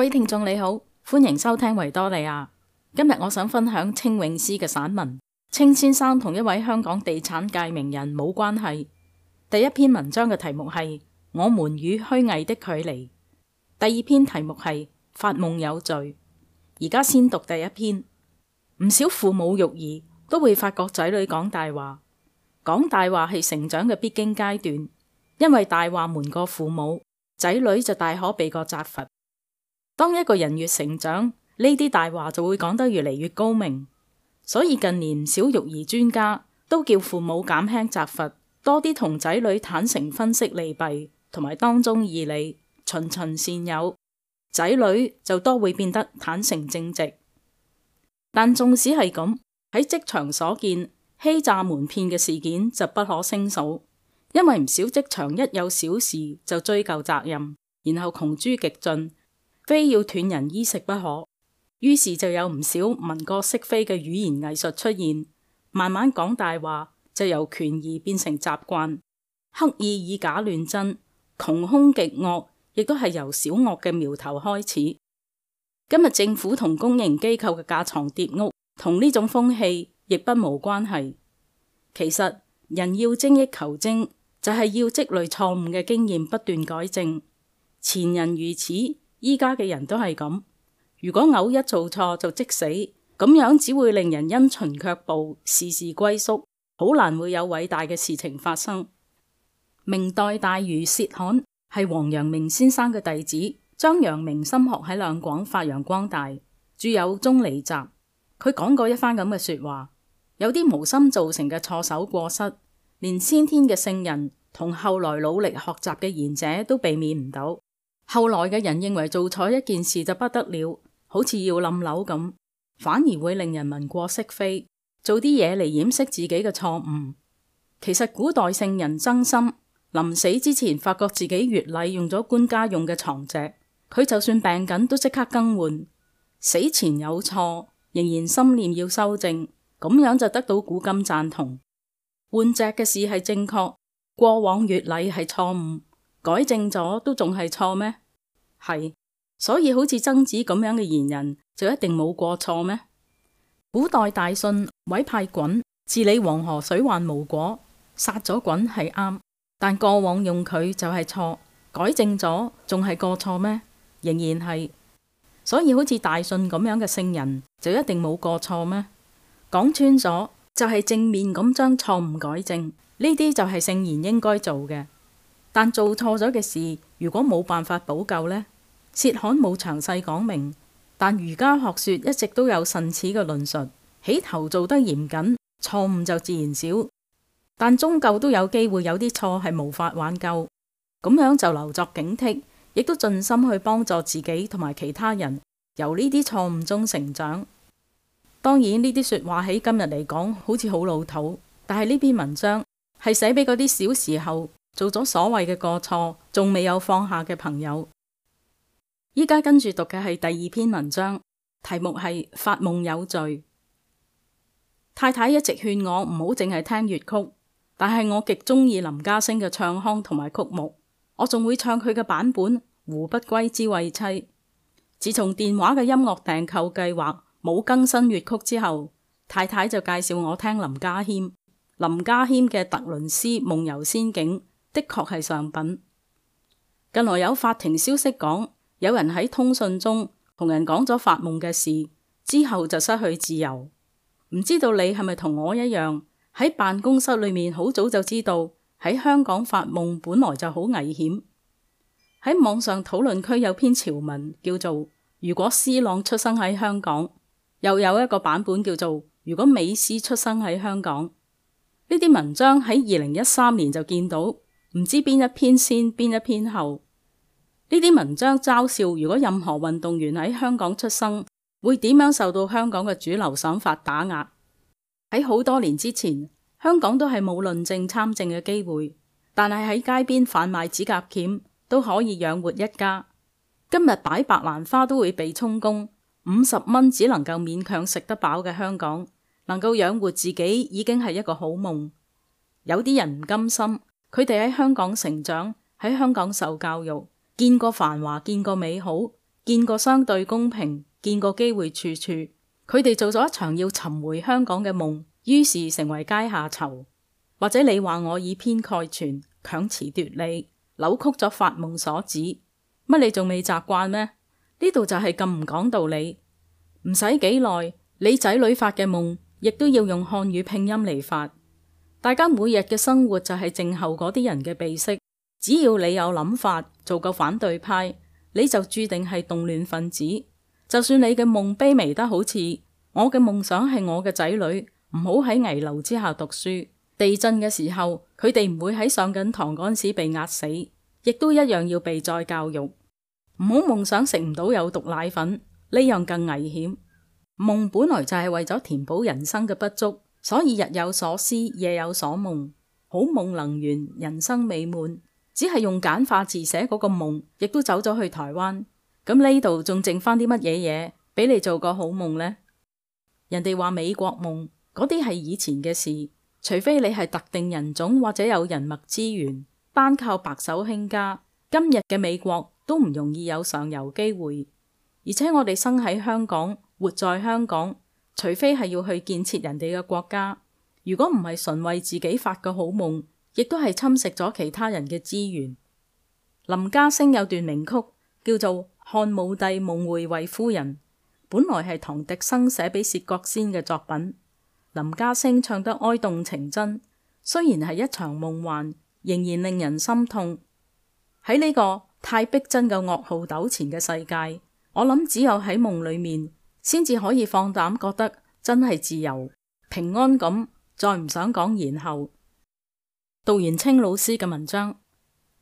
各位聽眾你好，歡迎收聽維多利亞。今日我想分享青永屍嘅散文。青先生同一位香港地產界名人冇關係。第一篇文章嘅題目係《我們與虛偽的距離》，第二篇題目係《發夢有罪》。而家先讀第一篇。唔少父母育兒都會發覺仔女講大話，講大話係成長嘅必經階段，因為大話瞞過父母，仔女就大可避過責罰。當一個人越成長，呢啲大話就會講得越嚟越高明。所以近年唔少育兒專家都叫父母減輕責罰，多啲同仔女坦誠分析利弊，同埋當中義理，循循善誘，仔女就多會變得坦誠正直。但縱使係咁，喺職場所見欺詐門騙嘅事件就不可勝數，因為唔少職場一有小事就追究責任，然後窮追極盡。非要斷人衣食不可，於是就有唔少文過飾非嘅語言藝術出現。慢慢講大話，就由權宜變成習慣，刻意以假亂真，窮兇極惡，亦都係由小惡嘅苗頭開始。今日政府同公營機構嘅架床疊屋，同呢種風氣亦不無關係。其實人要精益求精，就係、是、要積累錯誤嘅經驗，不斷改正。前人如此。依家嘅人都係咁，如果偶一做錯就即死，咁樣只會令人因循卻步，事事龜縮，好難會有偉大嘅事情發生。明代大儒薛侃係王陽明先生嘅弟子，將陽明心學喺兩廣發揚光大，著有《中離集》。佢講過一番咁嘅說話：有啲無心造成嘅錯手過失，連先天嘅聖人同後來努力學習嘅賢者都避免唔到。後來嘅人認為做錯一件事就不得了，好似要冧樓咁，反而會令人文過飾非，做啲嘢嚟掩飾自己嘅錯誤。其實古代聖人曾參臨死之前發覺自己越禮用咗官家用嘅床席，佢就算病緊都即刻更換。死前有錯，仍然心念要修正，咁樣就得到古今讚同。換席嘅事係正確，過往越禮係錯誤。改正咗都仲係錯咩？係，所以好似曾子咁樣嘅賢人就一定冇過錯咩？古代大舜委派鲧治理黃河水患無果，殺咗鲧係啱，但過往用佢就係錯，改正咗仲係過錯咩？仍然係，所以好似大舜咁樣嘅聖人就一定冇過錯咩？講穿咗就係、是、正面咁將錯誤改正，呢啲就係聖賢應該做嘅。但做錯咗嘅事，如果冇辦法補救呢？切罕冇詳細講明。但儒家學說一直都有慎始嘅論述，起頭做得嚴謹，錯誤就自然少。但終究都有機會有啲錯係無法挽救，咁樣就留作警惕，亦都盡心去幫助自己同埋其他人，由呢啲錯誤中成長。當然呢啲說話喺今日嚟講好似好老土，但係呢篇文章係寫俾嗰啲小時候做咗所謂嘅過錯，仲未有放下嘅朋友。依家跟住讀嘅係第二篇文章，題目係《發夢有罪》。太太一直勸我唔好淨係聽粵曲，但係我極中意林家聲嘅唱腔同埋曲目，我仲會唱佢嘅版本《胡不歸之慰妻》。自從電話嘅音樂訂購計劃冇更新粵曲之後，太太就介紹我聽林家謙。林家謙嘅《特倫斯夢遊仙境》。的確係上品。近來有法庭消息講，有人喺通訊中同人講咗發夢嘅事，之後就失去自由。唔知道你係咪同我一樣，喺辦公室裏面好早就知道喺香港發夢本來就好危險。喺網上討論區有篇潮文叫做「如果斯朗出生喺香港」，又有一個版本叫做「如果美斯出生喺香港」。呢啲文章喺二零一三年就見到。唔知邊一篇先，邊一篇後？呢啲文章嘲笑，如果任何運動員喺香港出生，會點樣受到香港嘅主流審法打壓？喺好多年之前，香港都係冇論政參政嘅機會，但係喺街邊販賣指甲鉗都可以養活一家。今日擺白蘭花都會被充公，五十蚊只能夠勉強食得飽嘅香港，能夠養活自己已經係一個好夢。有啲人唔甘心。佢哋喺香港成長，喺香港受教育，見過繁華，見過美好，見過相對公平，見過機會處處。佢哋做咗一場要尋回香港嘅夢，於是成為階下囚。或者你話我以偏概全，強詞奪理，扭曲咗發夢所指。乜你仲未習慣咩？呢度就係咁唔講道理。唔使幾耐，你仔女發嘅夢亦都要用漢語拼音嚟發。大家每日嘅生活就係靜候嗰啲人嘅鼻息。只要你有諗法，做個反對派，你就注定係動亂分子。就算你嘅夢卑微得好似我嘅夢想，係我嘅仔女唔好喺危樓之下讀書，地震嘅時候佢哋唔會喺上緊堂嗰陣時被壓死，亦都一樣要被再教育。唔好夢想食唔到有毒奶粉，呢樣更危險。夢本來就係為咗填補人生嘅不足。所以日有所思，夜有所夢，好夢能圓，人生美滿。只係用簡化字寫嗰個夢，亦都走咗去台灣。咁呢度仲剩翻啲乜嘢嘢俾你做個好夢呢？人哋話美國夢嗰啲係以前嘅事，除非你係特定人種或者有人脈資源，單靠白手興家，今日嘅美國都唔容易有上游機會。而且我哋生喺香港，活在香港。除非係要去建設人哋嘅國家，如果唔係純為自己發個好夢，亦都係侵蝕咗其他人嘅資源。林家聲有段名曲叫做《漢武帝夢會衛夫人》，本來係唐迪生寫俾薛國先嘅作品。林家聲唱得哀動情真，雖然係一場夢幻，仍然令人心痛。喺呢個太逼真嘅噩耗糾纏嘅世界，我諗只有喺夢裏面，先至可以放膽覺得真係自由、平安咁，再唔想講然後。杜元清老師嘅文章，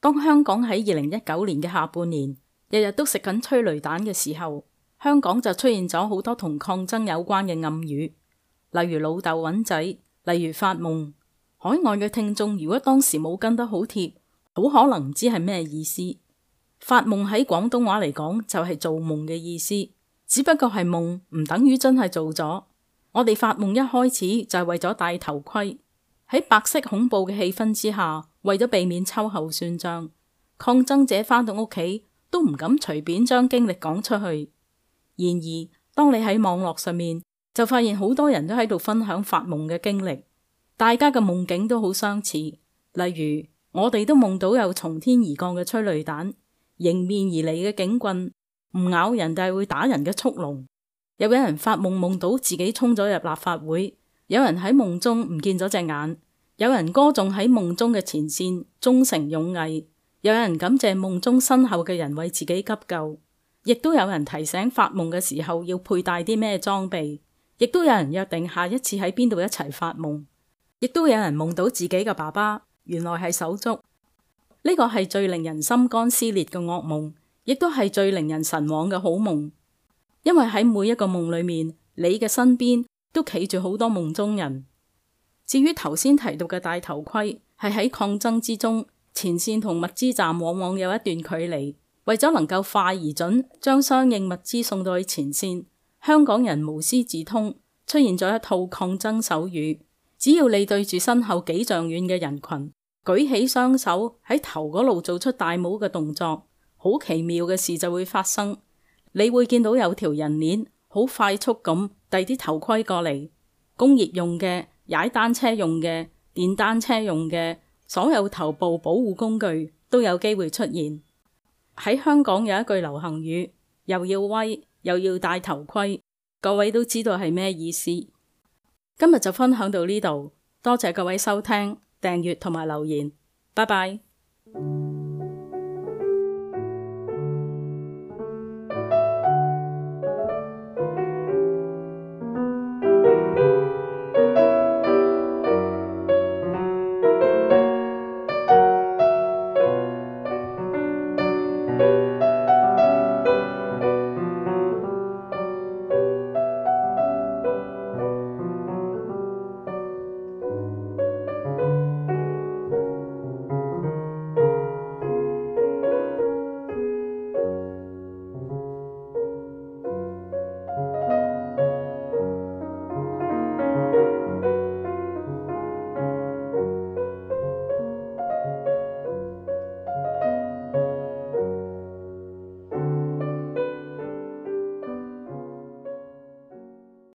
當香港喺二零一九年嘅下半年，日日都食緊催淚彈嘅時候，香港就出現咗好多同抗爭有關嘅暗語，例如老豆揾仔，例如發夢。海外嘅聽眾如果當時冇跟得好貼，好可能唔知係咩意思。發夢喺廣東話嚟講就係做夢嘅意思。只不過係夢，唔等於真係做咗。我哋發夢一開始就係為咗戴頭盔，喺白色恐怖嘅氣氛之下，為咗避免秋後算賬，抗爭者返到屋企都唔敢隨便將經歷講出去。然而，當你喺網絡上面，就發現好多人都喺度分享發夢嘅經歷，大家嘅夢境都好相似。例如，我哋都夢到有從天而降嘅催淚彈，迎面而嚟嘅警棍。唔咬人就係會打人嘅速龍。又有，有人發夢夢到自己衝咗入立法會，有人喺夢中唔見咗隻眼，有人歌頌喺夢中嘅前線忠誠勇毅，有人感謝夢中身後嘅人為自己急救，亦都有人提醒發夢嘅時候要佩戴啲咩裝備，亦都有人約定下一次喺邊度一齊發夢，亦都有人夢到自己嘅爸爸，原來係手足。呢個係最令人心肝撕裂嘅噩夢。亦都係最令人神往嘅好夢，因為喺每一個夢裏面，你嘅身邊都企住好多夢中人。至於頭先提到嘅戴頭盔，係喺抗爭之中，前線同物資站往往有一段距離，為咗能夠快而準將相應物資送到去前線，香港人無師自通，出現咗一套抗爭手語。只要你對住身後幾丈遠嘅人群，舉起雙手喺頭嗰度做出戴帽嘅動作。好奇妙嘅事就會發生，你會見到有條人鏈，好快速咁遞啲頭盔過嚟，工業用嘅、踩單車用嘅、電單車用嘅，所有頭部保護工具都有機會出現。喺香港有一句流行語，又要威又要戴頭盔，各位都知道係咩意思。今日就分享到呢度，多謝各位收聽、訂閱同埋留言，拜拜。